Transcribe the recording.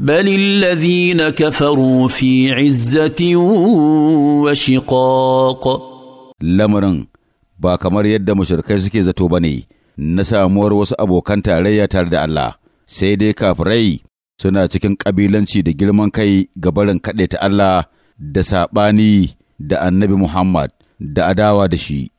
بل الذين كفروا في عزة وشقاق لمرن ba kamar yadda mushrikai suke zato ba ne na samuwar wasu abokan tarayya tare da Allah sai dai kafirai suna cikin ƙabilanci da girman kai ga barin kaɗaita ta Allah da saɓani da annabi Muhammad da adawa da shi.